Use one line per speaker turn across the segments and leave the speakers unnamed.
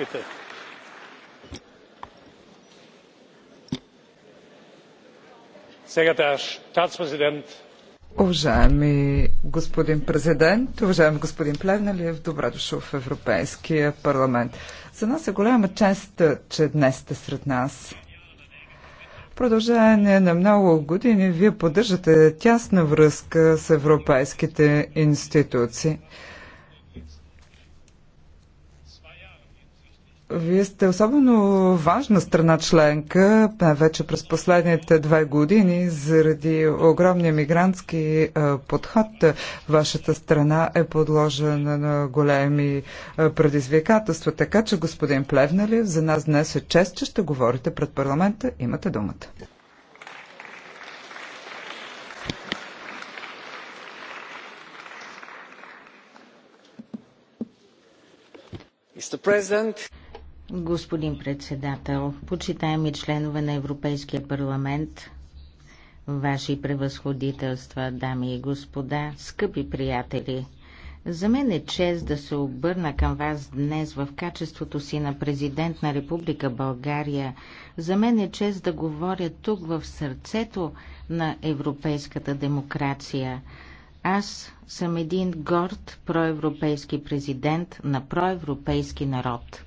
bitte. Уважаеми господин президент, уважаеми господин Плевнелиев, добре дошъл в Европейския парламент. За нас е голяма чест, че днес сте сред нас. Продължаване продължение на много години вие поддържате тясна връзка с европейските институции. Вие сте особено важна страна членка, вече през последните две години, заради огромния мигрантски подход. Вашата страна е подложена на големи предизвикателства. Така че, господин Плевналив, за нас днес е чест, че ще говорите пред парламента. Имате думата.
Mr. President, Господин председател, почитаеми членове на Европейския парламент, ваши превъзходителства, дами и господа, скъпи приятели, за мен е чест да се обърна към вас днес в качеството си на президент на Република България. За мен е чест да говоря тук в сърцето на европейската демокрация. Аз съм един горд проевропейски президент на проевропейски народ.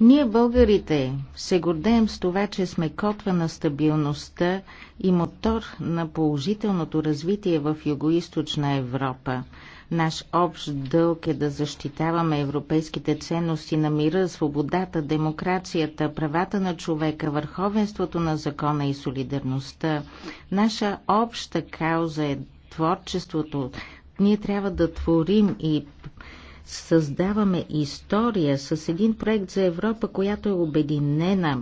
Ние българите се гордеем с това, че сме котва на стабилността и мотор на положителното развитие в Юго-Источна Европа. Наш общ дълг е да защитаваме европейските ценности на мира, свободата, демокрацията, правата на човека, върховенството на закона и солидарността. Наша обща кауза е творчеството. Ние трябва да творим и създаваме история с един проект за Европа, която е обединена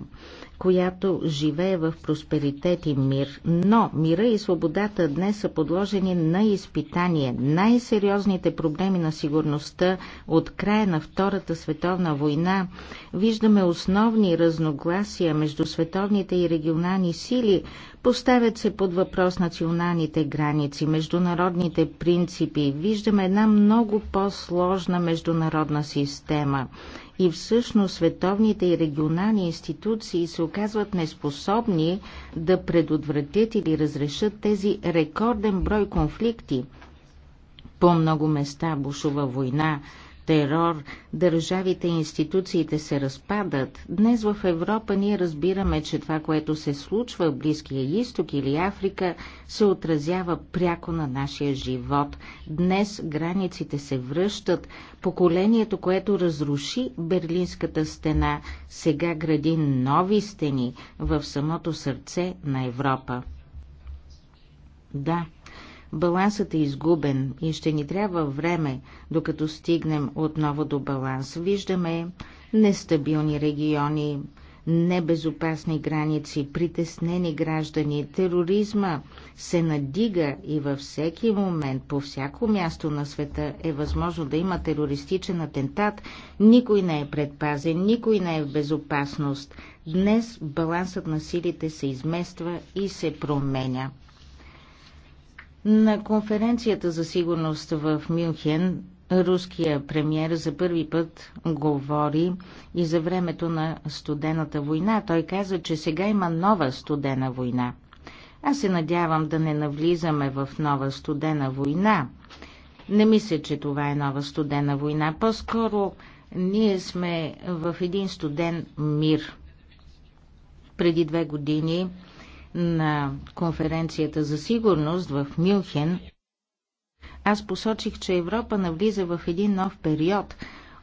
която живее в просперитет и мир. Но мира и свободата днес са подложени на изпитание. Най-сериозните проблеми на сигурността от края на Втората световна война виждаме основни разногласия между световните и регионални сили, поставят се под въпрос националните граници, международните принципи, виждаме една много по-сложна международна система и всъщност световните и регионални институции се оказват неспособни да предотвратят или разрешат тези рекорден брой конфликти. По много места бушува война, терор, държавите и институциите се разпадат, днес в Европа ние разбираме, че това, което се случва в Близкия изток или Африка, се отразява пряко на нашия живот. Днес границите се връщат, поколението, което разруши Берлинската стена, сега гради нови стени в самото сърце на Европа. Да, Балансът е изгубен и ще ни трябва време, докато стигнем отново до баланс. Виждаме нестабилни региони, небезопасни граници, притеснени граждани, тероризма се надига и във всеки момент, по всяко място на света е възможно да има терористичен атентат. Никой не е предпазен, никой не е в безопасност. Днес балансът на силите се измества и се променя. На конференцията за сигурност в Мюнхен руския премьер за първи път говори и за времето на студената война. Той каза, че сега има нова студена война. Аз се надявам да не навлизаме в нова студена война. Не мисля, че това е нова студена война. По-скоро ние сме в един студен мир. Преди две години на конференцията за сигурност в Мюнхен, аз посочих, че Европа навлиза в един нов период.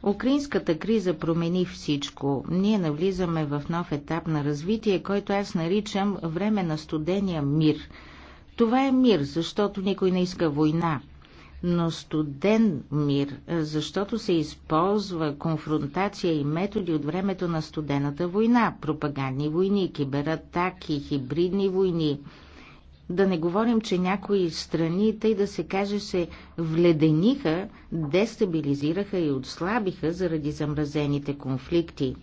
Украинската криза промени всичко. Ние навлизаме в нов етап на развитие, който аз наричам време на студения мир. Това е мир, защото никой не иска война но студен мир, защото се използва конфронтация и методи от времето на студената война, пропагандни войни, кибератаки, хибридни войни. Да не говорим, че някои страни, тъй да се каже, се вледениха, дестабилизираха и отслабиха заради замразените конфликти.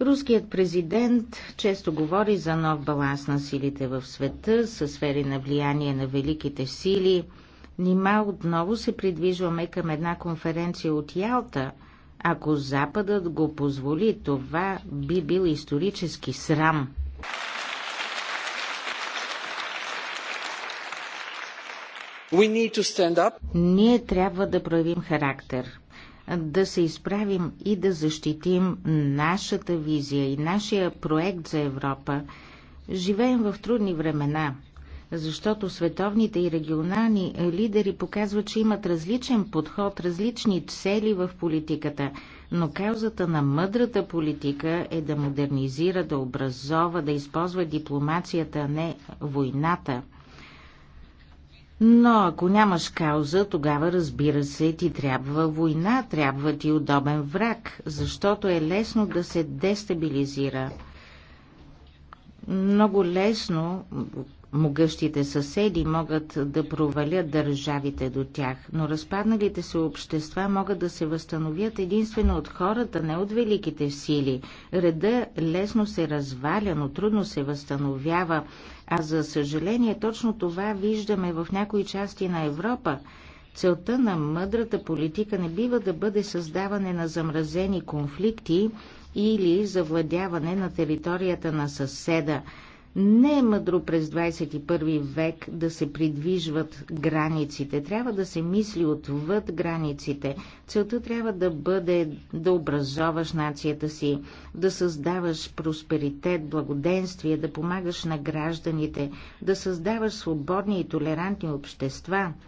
Руският президент често говори за нов баланс на силите в света, със сфери на влияние на великите сили – Нима отново се придвижваме към една конференция от Ялта. Ако Западът го позволи, това би бил исторически срам. We need to stand up. Ние трябва да проявим характер, да се изправим и да защитим нашата визия и нашия проект за Европа. Живеем в трудни времена защото световните и регионални лидери показват, че имат различен подход, различни цели в политиката, но каузата на мъдрата политика е да модернизира, да образова, да използва дипломацията, а не войната. Но ако нямаш кауза, тогава разбира се, ти трябва война, трябва ти удобен враг, защото е лесно да се дестабилизира много лесно могъщите съседи могат да провалят държавите до тях, но разпадналите се общества могат да се възстановят единствено от хората, не от великите сили. Реда лесно се разваля, но трудно се възстановява, а за съжаление точно това виждаме в някои части на Европа. Целта на мъдрата политика не бива да бъде създаване на замразени конфликти или завладяване на територията на съседа – не е мъдро през 21 век да се придвижват границите. Трябва да се мисли отвъд границите. Целта трябва да бъде да образоваш нацията си, да създаваш просперитет, благоденствие, да помагаш на гражданите, да създаваш свободни и толерантни общества –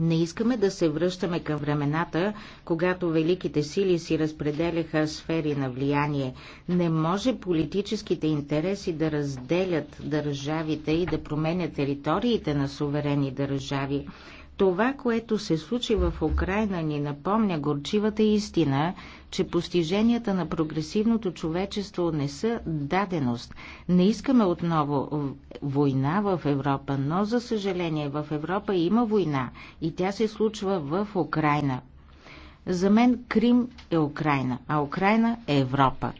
не искаме да се връщаме към времената, когато великите сили си разпределяха сфери на влияние. Не може политическите интереси да разделят държавите и да променят териториите на суверени държави. Това, което се случи в Украина, ни напомня горчивата истина, че постиженията на прогресивното човечество не са даденост. Не искаме отново война в Европа, но за съжаление в Европа има война и тя се случва в Украина. За мен Крим е Украина, а Украина е Европа.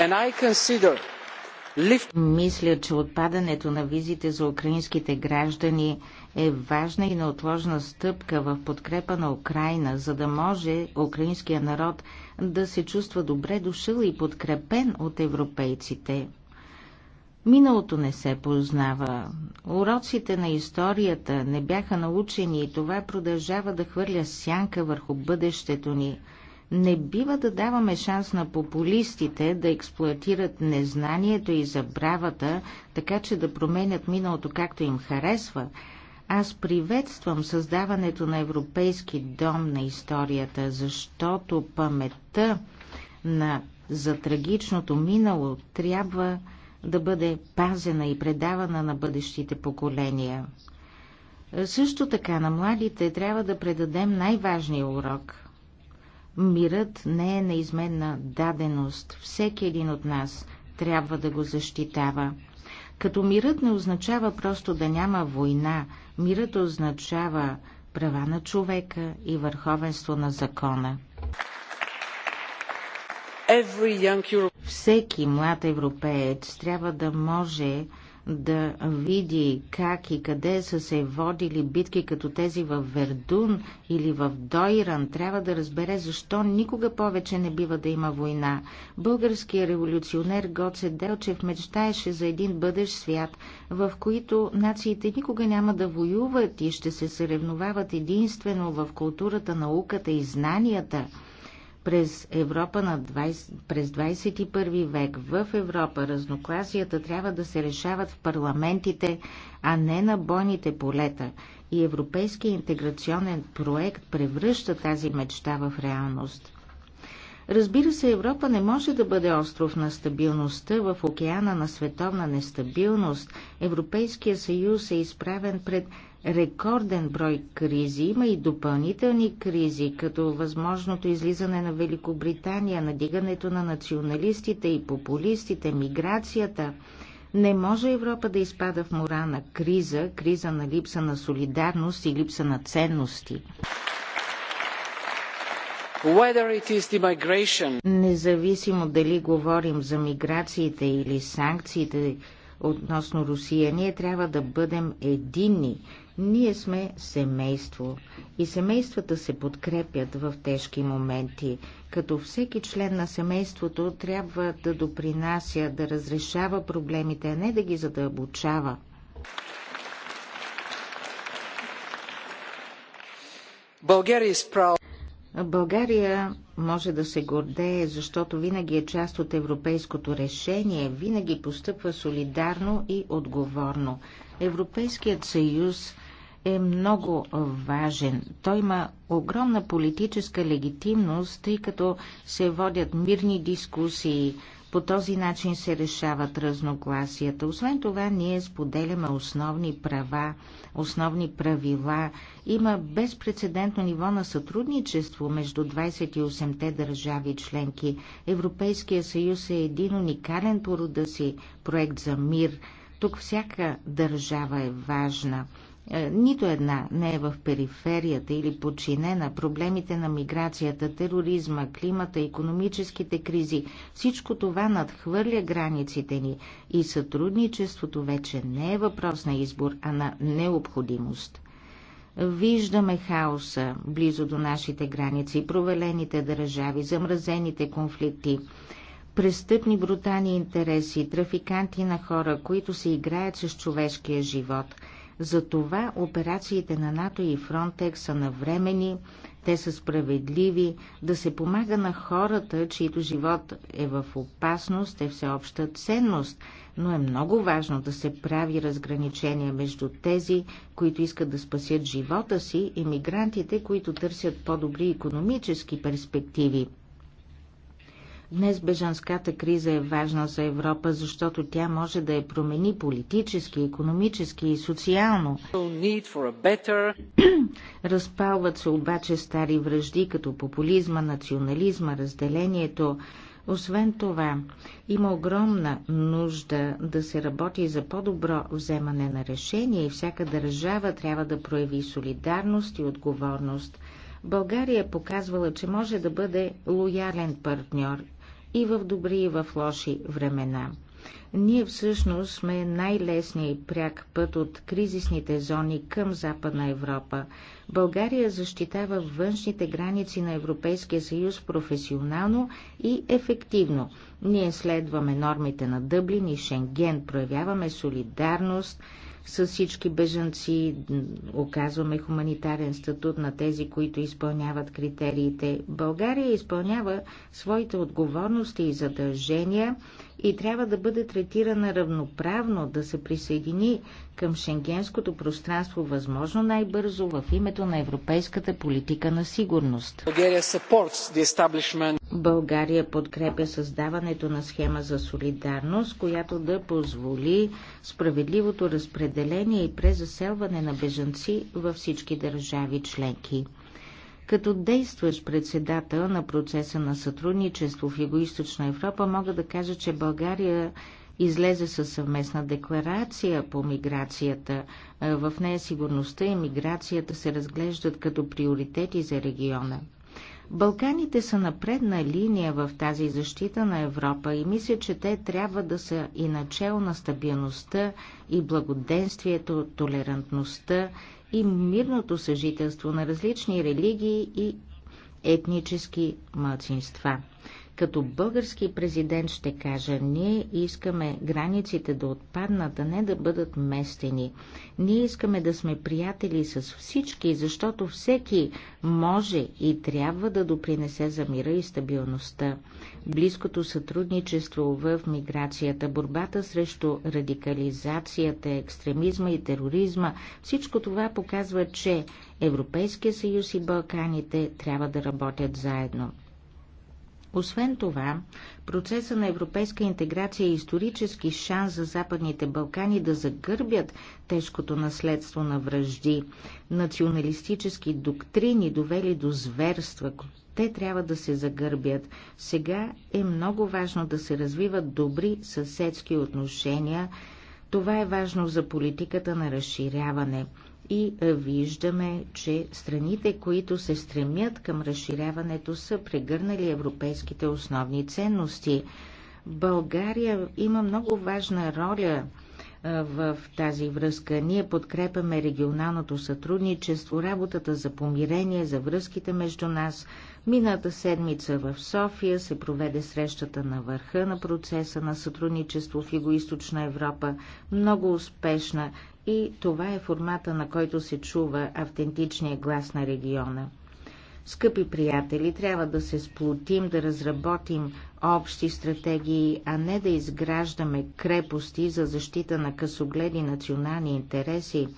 And I consider мисля, че отпадането на визите за украинските граждани е важна и неотложна стъпка в подкрепа на Украина, за да може украинския народ да се чувства добре дошъл и подкрепен от европейците. Миналото не се познава. Уроците на историята не бяха научени и това продължава да хвърля сянка върху бъдещето ни – не бива да даваме шанс на популистите да експлуатират незнанието и забравата, така че да променят миналото както им харесва. Аз приветствам създаването на Европейски дом на историята, защото паметта на за трагичното минало трябва да бъде пазена и предавана на бъдещите поколения. Също така на младите трябва да предадем най-важния урок Мирът не е неизменна даденост. Всеки един от нас трябва да го защитава. Като мирът не означава просто да няма война, мирът означава права на човека и върховенство на закона. Всеки млад европеец трябва да може да види как и къде са се водили битки като тези в Вердун или в Дойран, трябва да разбере защо никога повече не бива да има война. Българският революционер Гоце Делчев мечтаеше за един бъдещ свят, в които нациите никога няма да воюват и ще се съревновават единствено в културата, науката и знанията – през Европа на 20, през 21 век. В Европа разнокласията трябва да се решават в парламентите, а не на бойните полета. И Европейския интеграционен проект превръща тази мечта в реалност. Разбира се, Европа не може да бъде остров на стабилността в океана на световна нестабилност. Европейския съюз е изправен пред рекорден брой кризи, има и допълнителни кризи, като възможното излизане на Великобритания, надигането на националистите и популистите, миграцията. Не може Европа да изпада в мора на криза, криза на липса на солидарност и липса на ценности. Независимо дали говорим за миграциите или санкциите, относно Русия. Ние трябва да бъдем единни. Ние сме семейство и семействата се подкрепят в тежки моменти. Като всеки член на семейството трябва да допринася, да разрешава проблемите, а не да ги задълбочава. България е справа. България може да се гордее, защото винаги е част от европейското решение, винаги постъпва солидарно и отговорно. Европейският съюз е много важен. Той има огромна политическа легитимност, тъй като се водят мирни дискусии, по този начин се решават разногласията. Освен това, ние споделяме основни права, основни правила. Има безпредседентно ниво на сътрудничество между 28-те държави членки. Европейския съюз е един уникален по рода си проект за мир. Тук всяка държава е важна. Е, нито една не е в периферията или подчинена. Проблемите на миграцията, тероризма, климата, економическите кризи, всичко това надхвърля границите ни и сътрудничеството вече не е въпрос на избор, а на необходимост. Виждаме хаоса близо до нашите граници, провалените държави, замразените конфликти престъпни брутални интереси, трафиканти на хора, които се играят с човешкия живот. Затова операциите на НАТО и Фронтекс са навремени, те са справедливи, да се помага на хората, чието живот е в опасност, е всеобща ценност, но е много важно да се прави разграничение между тези, които искат да спасят живота си и мигрантите, които търсят по-добри економически перспективи. Днес бежанската криза е важна за Европа, защото тя може да я промени политически, економически и социално. Разпалват се обаче стари връжди, като популизма, национализма, разделението. Освен това, има огромна нужда да се работи за по-добро вземане на решения и всяка държава трябва да прояви солидарност и отговорност. България е показвала, че може да бъде лоялен партньор и в добри и в лоши времена. Ние всъщност сме най-лесният и пряк път от кризисните зони към Западна Европа. България защитава външните граници на Европейския съюз професионално и ефективно. Ние следваме нормите на Дъблин и Шенген, проявяваме солидарност с всички бежанци, оказваме хуманитарен статут на тези, които изпълняват критериите. България изпълнява своите отговорности и задължения и трябва да бъде третирана равноправно, да се присъедини към шенгенското пространство възможно най-бързо в името на европейската политика на сигурност. България подкрепя създаването на схема за солидарност, която да позволи справедливото разпределение и презаселване на бежанци във всички държави членки. Като действащ председател на процеса на сътрудничество в Юго-Источна Европа, мога да кажа, че България излезе със съвместна декларация по миграцията. Е, в нея сигурността и миграцията се разглеждат като приоритети за региона. Балканите са на предна линия в тази защита на Европа и мисля, че те трябва да са и начало на стабилността и благоденствието, толерантността и мирното съжителство на различни религии и етнически мълцинства. Като български президент ще кажа, ние искаме границите да отпаднат, а не да бъдат местени. Ние искаме да сме приятели с всички, защото всеки може и трябва да допринесе за мира и стабилността. Близкото сътрудничество в миграцията, борбата срещу радикализацията, екстремизма и тероризма, всичко това показва, че Европейския съюз и Балканите трябва да работят заедно. Освен това, процеса на европейска интеграция е исторически шанс за Западните Балкани да загърбят тежкото наследство на връжди, националистически доктрини, довели до зверства. Те трябва да се загърбят. Сега е много важно да се развиват добри съседски отношения. Това е важно за политиката на разширяване и виждаме, че страните, които се стремят към разширяването, са прегърнали европейските основни ценности. България има много важна роля в тази връзка. Ние подкрепяме регионалното сътрудничество, работата за помирение, за връзките между нас. Мината седмица в София се проведе срещата на върха на процеса на сътрудничество в Юго-Источна Европа, много успешна и това е формата, на който се чува автентичния глас на региона. Скъпи приятели, трябва да се сплотим, да разработим общи стратегии, а не да изграждаме крепости за защита на късогледи национални интереси.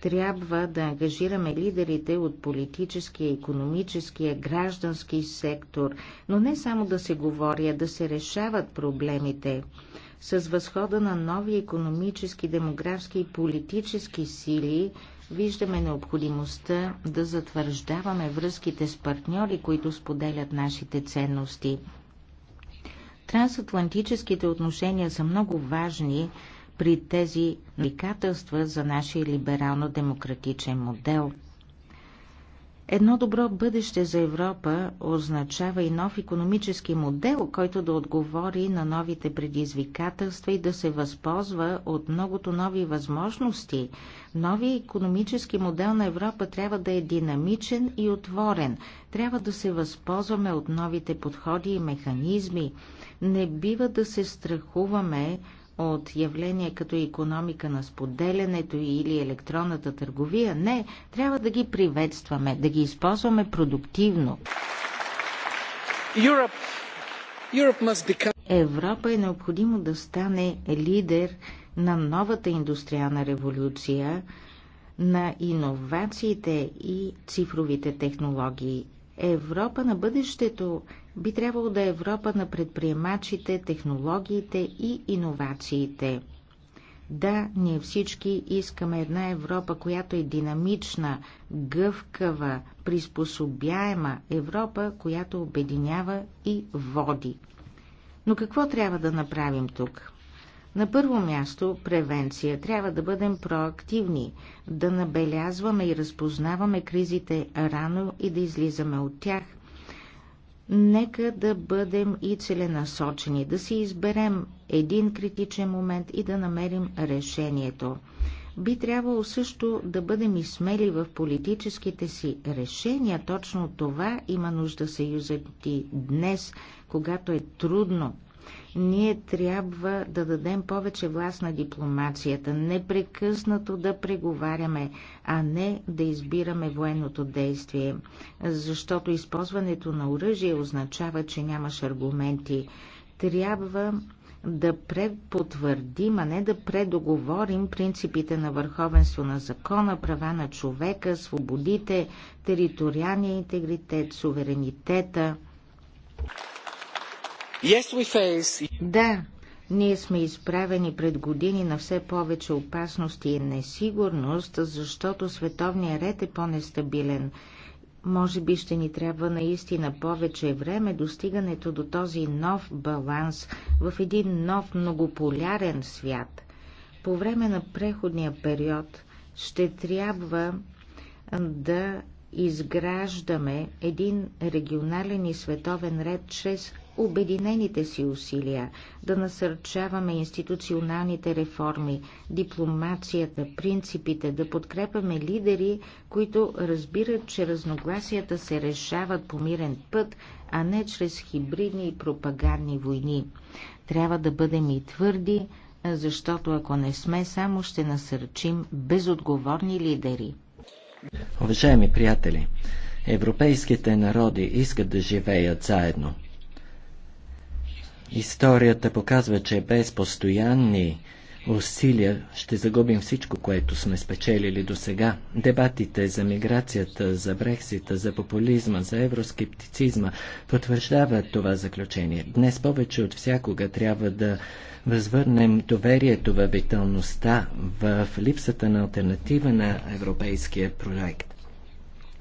Трябва да ангажираме лидерите от политическия, економическия, граждански сектор, но не само да се говори, а да се решават проблемите. С възхода на нови економически, демографски и политически сили – Виждаме необходимостта да затвърждаваме връзките с партньори, които споделят нашите ценности. Трансатлантическите отношения са много важни при тези викателства за нашия либерално-демократичен модел – Едно добро бъдеще за Европа означава и нов економически модел, който да отговори на новите предизвикателства и да се възползва от многото нови възможности. Новият економически модел на Европа трябва да е динамичен и отворен. Трябва да се възползваме от новите подходи и механизми. Не бива да се страхуваме от явления като економика на споделянето или електронната търговия. Не, трябва да ги приветстваме, да ги използваме продуктивно. Европа е необходимо да стане лидер на новата индустриална революция, на иновациите и цифровите технологии. Европа на бъдещето би трябвало да е Европа на предприемачите, технологиите и иновациите. Да, ние всички искаме една Европа, която е динамична, гъвкава, приспособяема Европа, която обединява и води. Но какво трябва да направим тук? На първо място превенция. Трябва да бъдем проактивни, да набелязваме и разпознаваме кризите рано и да излизаме от тях – Нека да бъдем и целенасочени, да си изберем един критичен момент и да намерим решението. Би трябвало също да бъдем и смели в политическите си решения. Точно това има нужда съюзът и днес, когато е трудно ние трябва да дадем повече власт на дипломацията, непрекъснато да преговаряме, а не да избираме военното действие, защото използването на оръжие означава, че нямаш аргументи. Трябва да препотвърдим, а не да предоговорим принципите на върховенство на закона, права на човека, свободите, териториалния интегритет, суверенитета. Да, ние сме изправени пред години на все повече опасности и несигурност, защото световният ред е по-нестабилен. Може би ще ни трябва наистина повече време достигането до този нов баланс в един нов многополярен свят. По време на преходния период ще трябва да изграждаме един регионален и световен ред чрез обединените си усилия, да насърчаваме институционалните реформи, дипломацията, принципите, да подкрепяме лидери, които разбират, че разногласията се решават по мирен път, а не чрез хибридни и пропагандни войни. Трябва да бъдем и твърди, защото ако не сме, само ще насърчим безотговорни лидери.
Уважаеми приятели, европейските народи искат да живеят заедно. Историята показва, че без постоянни усилия ще загубим всичко, което сме спечелили до сега. Дебатите за миграцията, за Брексита, за популизма, за евроскептицизма потвърждават това заключение. Днес повече от всякога трябва да възвърнем доверието в виталността, в липсата на альтернатива на европейския проект.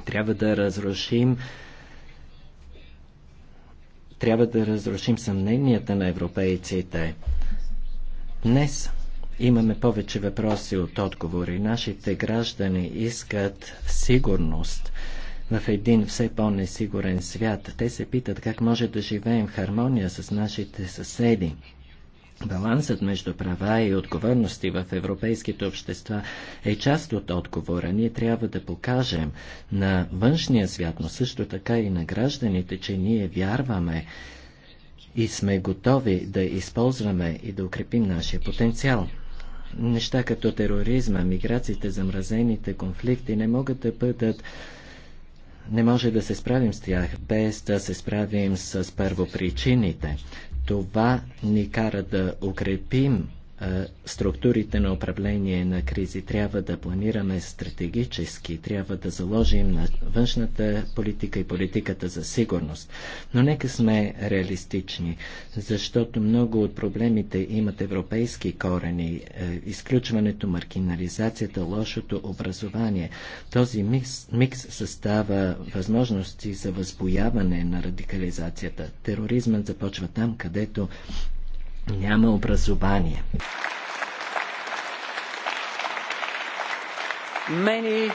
Трябва да разрушим трябва да разрушим съмненията на европейците. Днес имаме повече въпроси от отговори. Нашите граждани искат сигурност в един все по-несигурен свят. Те се питат как може да живеем в хармония с нашите съседи. Балансът между права и отговорности в европейските общества е част от отговора. Ние трябва да покажем на външния свят, но също така и на гражданите, че ние вярваме и сме готови да използваме и да укрепим нашия потенциал. Неща като тероризма, миграциите, замразените конфликти не могат да бъдат не може да се справим с тях без да се справим с първопричините. Това ни кара да укрепим структурите на управление на кризи. Трябва да планираме стратегически, трябва да заложим на външната политика и политиката за сигурност. Но нека сме реалистични, защото много от проблемите имат европейски корени. Е, изключването, маркинализацията, лошото образование. Този микс, микс състава възможности за възбояване на радикализацията. Тероризмът започва там, където няма образование.
Many...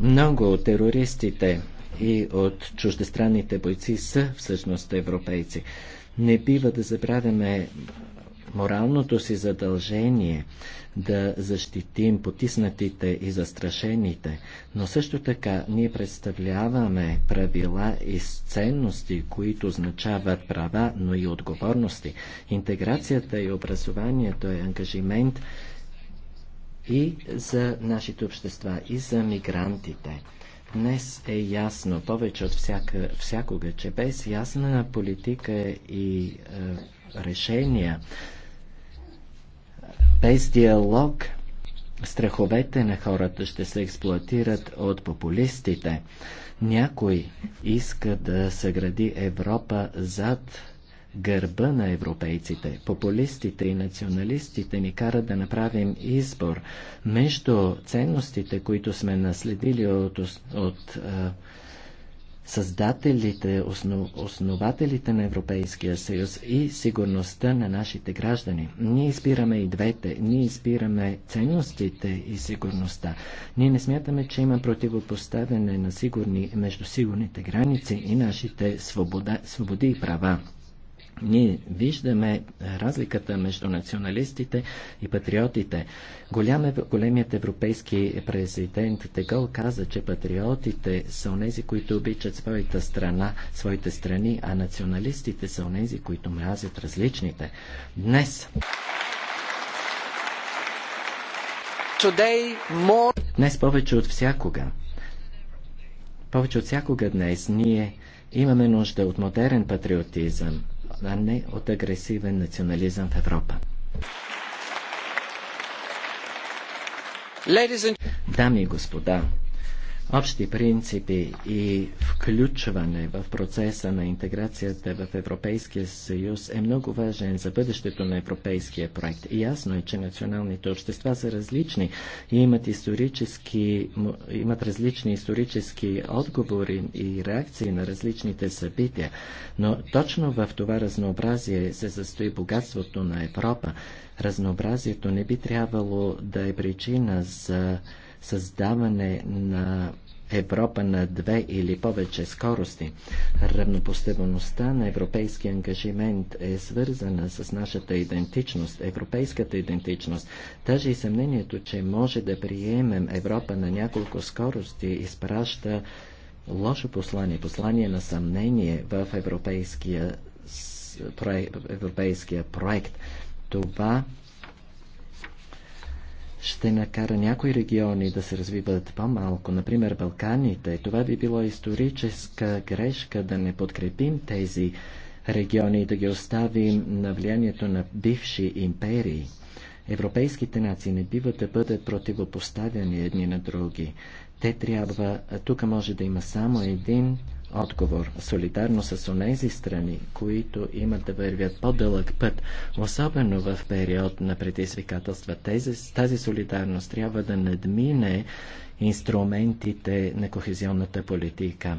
Много от терористите и от чуждестранните бойци са всъщност европейци. Не бива да забравяме моралното си задължение да защитим потиснатите и застрашените, но също така ние представляваме правила и ценности, които означават права, но и отговорности. Интеграцията и образованието е ангажимент и за нашите общества, и за мигрантите. Днес е ясно, повече от всяка, всякога, че без ясна политика и е, решения без диалог страховете на хората ще се експлуатират от популистите. Някой иска да съгради Европа зад гърба на европейците. Популистите и националистите ни карат да направим избор между ценностите, които сме наследили от, от, от създателите, основ, основателите на Европейския съюз и сигурността на нашите граждани. Ние избираме и двете. Ние избираме ценностите и сигурността. Ние не смятаме, че има противопоставяне на сигурни, между сигурните граници и нашите свобода, свободи и права. Ние виждаме е, разликата между националистите и патриотите. Голям, големият европейски президент Тегъл каза, че патриотите са онези, които обичат своята страна, своите страни, а националистите са онези, които мразят различните. Днес Днес повече от всякога. Повече от всякога днес ние имаме нужда от модерен патриотизъм а не от агресивен национализъм в Европа. Дами и господа, общи принципи и включване в процеса на интеграцията в Европейския съюз е много важен за бъдещето на европейския проект. И ясно е, че националните общества са различни и имат, исторически, имат различни исторически отговори и реакции на различните събития. Но точно в това разнообразие се състои богатството на Европа. Разнообразието не би трябвало да е причина за създаване на Европа на две или повече скорости. Равнопоставеността на европейски ангажимент е свързана с нашата идентичност, европейската идентичност. Даже и съмнението, че може да приемем Европа на няколко скорости, изпраща лошо послание, послание на съмнение в европейския, европейския проект. Това ще накара някои региони да се развиват по-малко, например Балканите. Това би било историческа грешка да не подкрепим тези региони и да ги оставим на влиянието на бивши империи. Европейските нации не биват да бъдат противопоставяни едни на други. Те трябва, тук може да има само един отговор. Солидарно с онези страни, които имат да вървят по-дълъг път, особено в период на предизвикателства. Тези, тази солидарност трябва да надмине инструментите на кохезионната политика.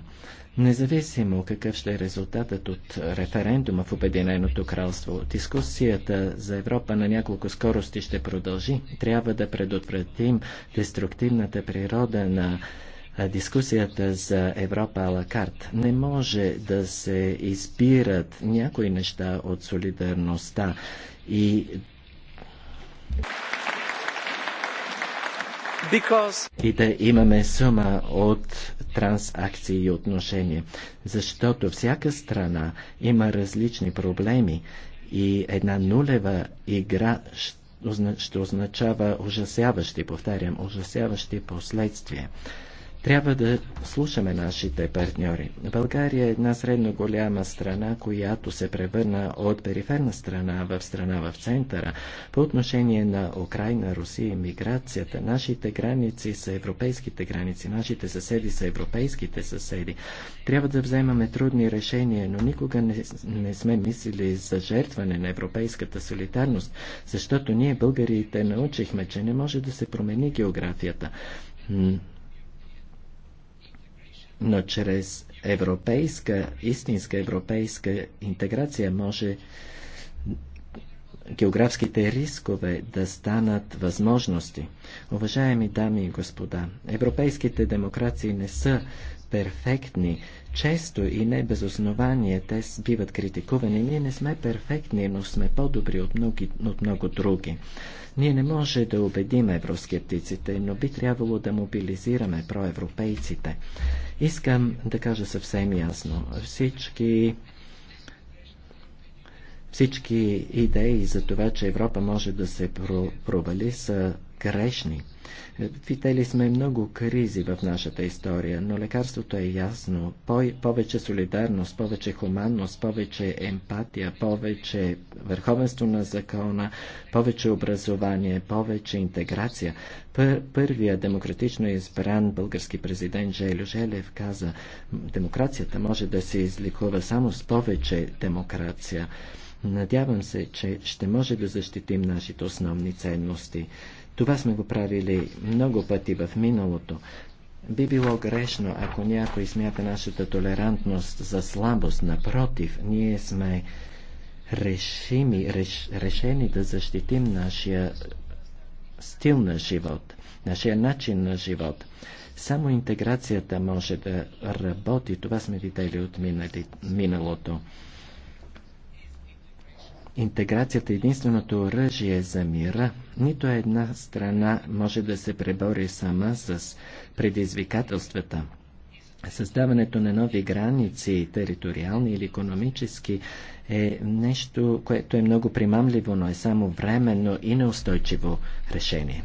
Независимо какъв ще е резултатът от референдума в Обединеното кралство, дискусията за Европа на няколко скорости ще продължи. Трябва да предотвратим деструктивната природа на дискусията за Европа ала карт. Не може да се избират някои неща от солидарността и Because... И да имаме сума от трансакции и отношения, защото всяка страна има различни проблеми и една нулева игра ще означава ужасяващи, повтарям, ужасяващи последствия. Трябва да слушаме нашите партньори. България е една средно голяма страна, която се превърна от периферна страна в страна в центъра. По отношение на Украина, Русия и миграцията, нашите граници са европейските граници, нашите съседи са европейските съседи. Трябва да вземаме трудни решения, но никога не, не сме мислили за жертване на европейската солидарност, защото ние, българите, научихме, че не може да се промени географията но чрез европейска, истинска европейска интеграция може географските рискове да станат възможности. Уважаеми дами и господа, европейските демокрации не са перфектни, често и не без основание те биват критикувани. Ние не сме перфектни, но сме по-добри от, многи, от много други. Ние не може да убедим евроскептиците, но би трябвало да мобилизираме проевропейците. Искам да кажа съвсем ясно. Всички всички идеи за това, че Европа може да се провали са грешни. Видели сме много кризи в нашата история, но лекарството е ясно. По повече солидарност, повече хуманност, повече емпатия, повече върховенство на закона, повече образование, повече интеграция. Пър първия демократично избран български президент Желю Желев каза, демокрацията може да се изликува само с повече демокрация. Надявам се, че ще може да защитим нашите основни ценности. Това сме го правили много пъти в миналото. Би било грешно, ако някой смята нашата толерантност за слабост. Напротив, ние сме решими, реш, решени да защитим нашия стил на живот, нашия начин на живот. Само интеграцията може да работи, това сме видели от минали, миналото интеграцията е единственото оръжие за мира. Нито една страна може да се пребори сама с предизвикателствата. Създаването на нови граници, териториални или економически, е нещо, което е много примамливо, но е само временно и неустойчиво решение.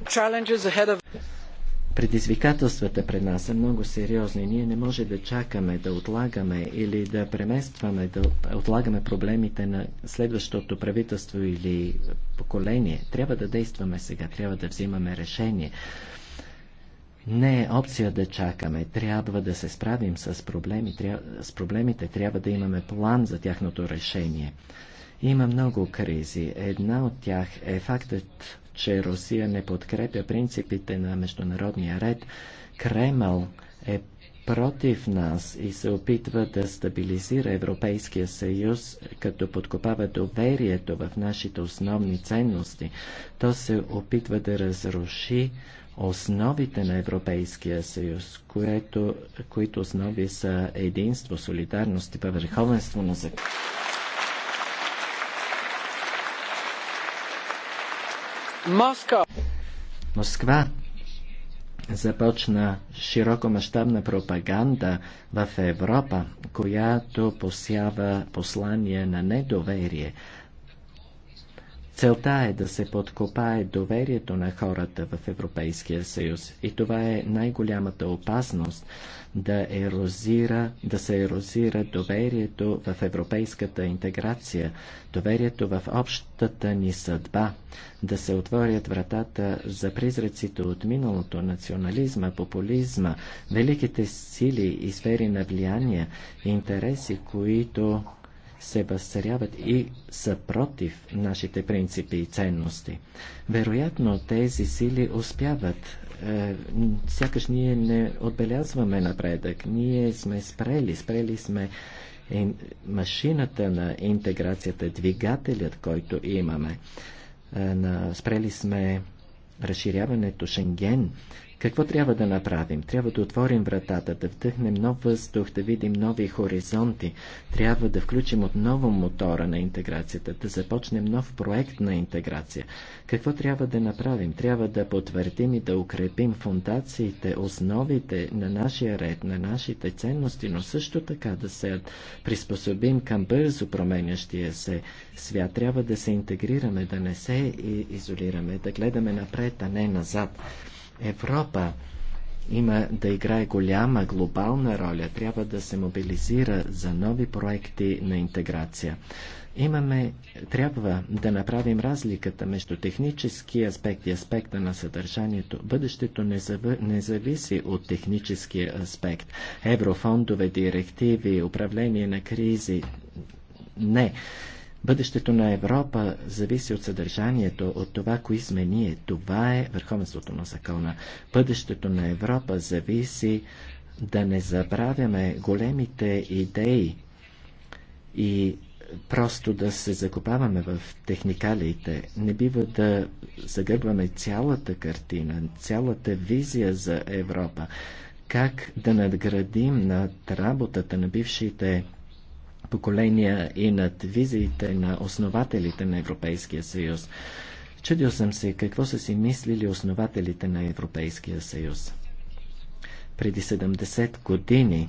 Предизвикателствата пред нас са много сериозни. Ние не може да чакаме, да отлагаме или да преместваме, да отлагаме проблемите на следващото правителство или поколение. Трябва да действаме сега, трябва да взимаме решение. Не е опция да чакаме. Трябва да се справим с, проблеми, трябва, с проблемите. Трябва да имаме план за тяхното решение. Има много кризи. Една от тях е фактът, че Русия не подкрепя принципите на международния ред, Кремъл е против нас и се опитва да стабилизира Европейския съюз, като подкопава доверието в нашите основни ценности. То се опитва да разруши основите на Европейския съюз, което, които основи са единство, солидарност и върховенство на закона. Москва започна широкомащабна пропаганда в Европа, която посява послание на недоверие. Целта е да се подкопае доверието на хората в Европейския съюз и това е най-голямата опасност да, ерозира, да се ерозира доверието в европейската интеграция, доверието в общата ни съдба, да се отворят вратата за призраците от миналото, национализма, популизма, великите сили и сфери на влияние, интереси, които се възцаряват и са против нашите принципи и ценности. Вероятно, тези сили успяват. Е, сякаш ние не отбелязваме напредък. Ние сме спрели, спрели сме е, машината на интеграцията, двигателят, който имаме. Е, на, спрели сме разширяването Шенген. Какво трябва да направим? Трябва да отворим вратата, да вдъхнем нов въздух, да видим нови хоризонти. Трябва да включим отново мотора на интеграцията, да започнем нов проект на интеграция. Какво трябва да направим? Трябва да потвърдим и да укрепим фундациите, основите на нашия ред, на нашите ценности, но също така да се приспособим към бързо променящия се свят. Трябва да се интегрираме, да не се изолираме, да гледаме напред, а не назад. Европа има да играе голяма глобална роля, трябва да се мобилизира за нови проекти на интеграция. Имаме, трябва да направим разликата между технически аспект и аспекта на съдържанието. Бъдещето не, зав... не зависи от техническия аспект. Еврофондове, директиви, управление на кризи. Не. Бъдещето на Европа зависи от съдържанието, от това, кои сме ние. Това е върховенството на закона. Бъдещето на Европа зависи да не забравяме големите идеи и просто да се закопаваме в техникалите. Не бива да загърбваме цялата картина, цялата визия за Европа. Как да надградим над работата на бившите поколения и над визиите на основателите на Европейския съюз. Чудил съм се какво са си мислили основателите на Европейския съюз. Преди 70 години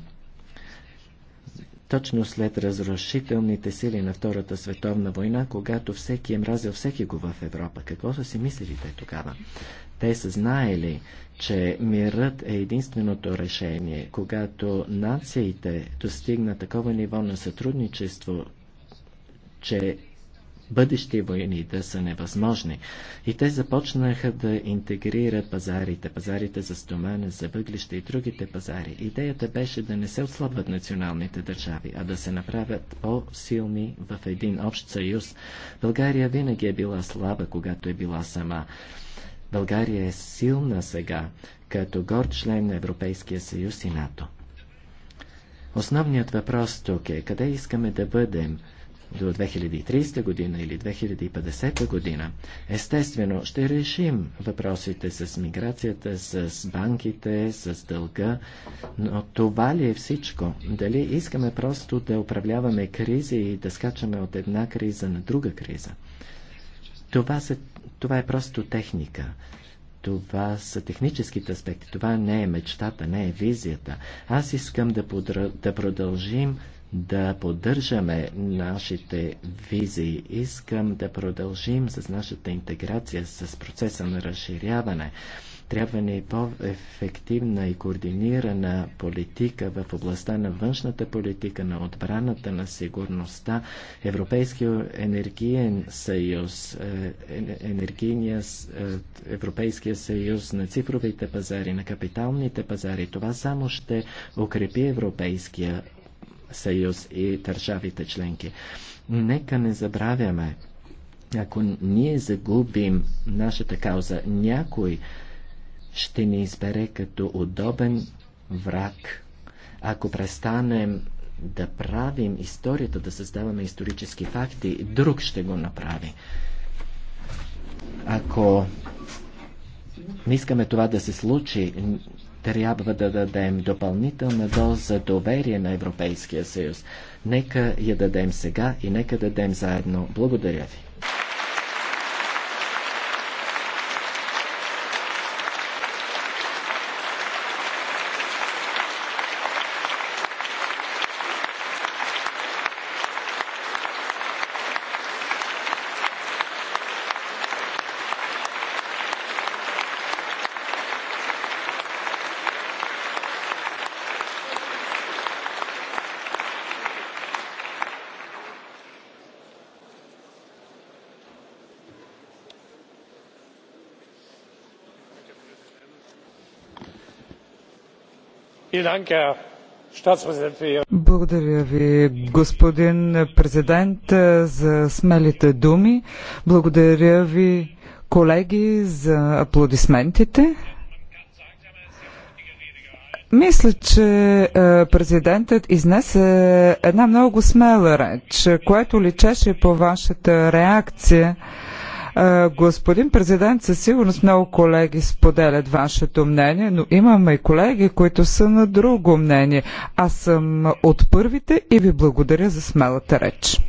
точно след разрушителните сили на Втората световна война, когато всеки е мразил го в Европа. Какво са си мислили те тогава? Те са знаели, че мирът е единственото решение. Когато нациите достигнат такова ниво на сътрудничество, че бъдещи войни да са невъзможни. И те започнаха да интегрират пазарите, пазарите за стомана, за въглища и другите пазари. Идеята беше да не се отслабват националните държави, а да се направят по-силни в един общ съюз. България винаги е била слаба, когато е била сама. България е силна сега, като горд член на Европейския съюз и НАТО. Основният въпрос тук е къде искаме да бъдем до 2030 година или 2050 година. Естествено, ще решим въпросите с миграцията, с банките, с дълга, но това ли е всичко? Дали искаме просто да управляваме кризи и да скачаме от една криза на друга криза? Това, са, това е просто техника. Това са техническите аспекти. Това не е мечтата, не е визията. Аз искам да, подра... да продължим да поддържаме нашите визии. Искам да продължим с нашата интеграция, с процеса на разширяване. Трябва ни по-ефективна и координирана политика в областта на външната политика, на отбраната, на сигурността. Европейския енергиен съюз, е, енергийния, е, Европейския съюз на цифровите пазари, на капиталните пазари, това само ще укрепи европейския съюз и държавите членки. Нека не забравяме, ако ние загубим нашата кауза, някой ще ни избере като удобен враг. Ако престанем да правим историята, да създаваме исторически факти, друг ще го направи. Ако не искаме това да се случи, трябва да дадем допълнителна доза доверие на Европейския съюз. Нека я дадем сега и нека дадем заедно. Благодаря ви.
Благодаря ви, господин президент, за смелите думи. Благодаря ви, колеги, за аплодисментите. Мисля, че е, президентът изнесе една много смела реч, което личеше по вашата реакция. Господин президент, със сигурност много колеги споделят вашето мнение, но имаме и колеги, които са на друго мнение. Аз съм от първите и ви благодаря за смелата реч.